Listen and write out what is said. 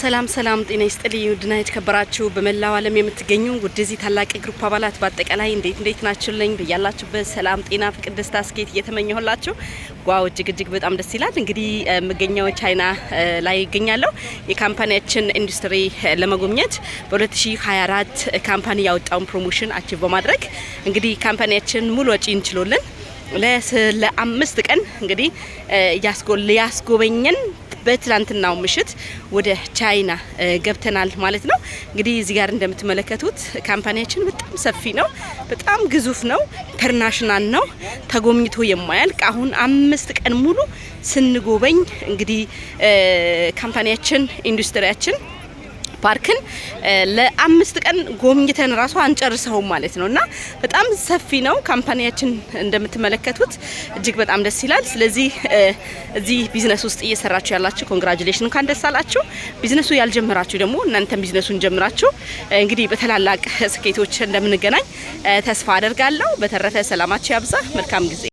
ሰላም ሰላም፣ ጤና ይስጥልኝ ውድና የተከበራችሁ በመላው ዓለም የምትገኙ ውድ እዚህ ታላቅ ግሩፕ አባላት በአጠቃላይ እንዴት እንዴት ናችሁልኝ? በያላችሁበት ሰላም፣ ጤና፣ ፍቅር፣ ደስታ፣ ስኬት እየተመኘሁላችሁ ዋው፣ እጅግ እጅግ በጣም ደስ ይላል። እንግዲህ የምገኘው ቻይና ላይ ይገኛለሁ። የካምፓኒያችን ኢንዱስትሪ ለመጎብኘት በ2024 ካምፓኒ ያወጣውን ፕሮሞሽን አቺቭ በማድረግ እንግዲህ ካምፓኒያችን ሙሉ ወጪ እንችሎልን ለአምስት ቀን እንግዲህ ያስጎበኘን በትላንትናው ምሽት ወደ ቻይና ገብተናል ማለት ነው። እንግዲህ እዚህ ጋር እንደምትመለከቱት ካምፓኒያችን በጣም ሰፊ ነው፣ በጣም ግዙፍ ነው፣ ኢንተርናሽናል ነው፣ ተጎብኝቶ የማያልቅ አሁን አምስት ቀን ሙሉ ስንጎበኝ እንግዲህ ካምፓኒያችን ኢንዱስትሪያችን ፓርክን ለአምስት ቀን ጎብኝተን ራሱ አንጨርሰውም ማለት ነው እና በጣም ሰፊ ነው። ካምፓኒያችን እንደምትመለከቱት እጅግ በጣም ደስ ይላል። ስለዚህ እዚህ ቢዝነስ ውስጥ እየሰራችሁ ያላችሁ ኮንግራጁሌሽን፣ እንኳን ደስ አላችሁ። ቢዝነሱ ያልጀመራችሁ ደግሞ እናንተም ቢዝነሱን ጀምራችሁ እንግዲህ በተላላቅ ስኬቶች እንደምንገናኝ ተስፋ አደርጋለሁ። በተረፈ ሰላማችሁ ያብዛ። መልካም ጊዜ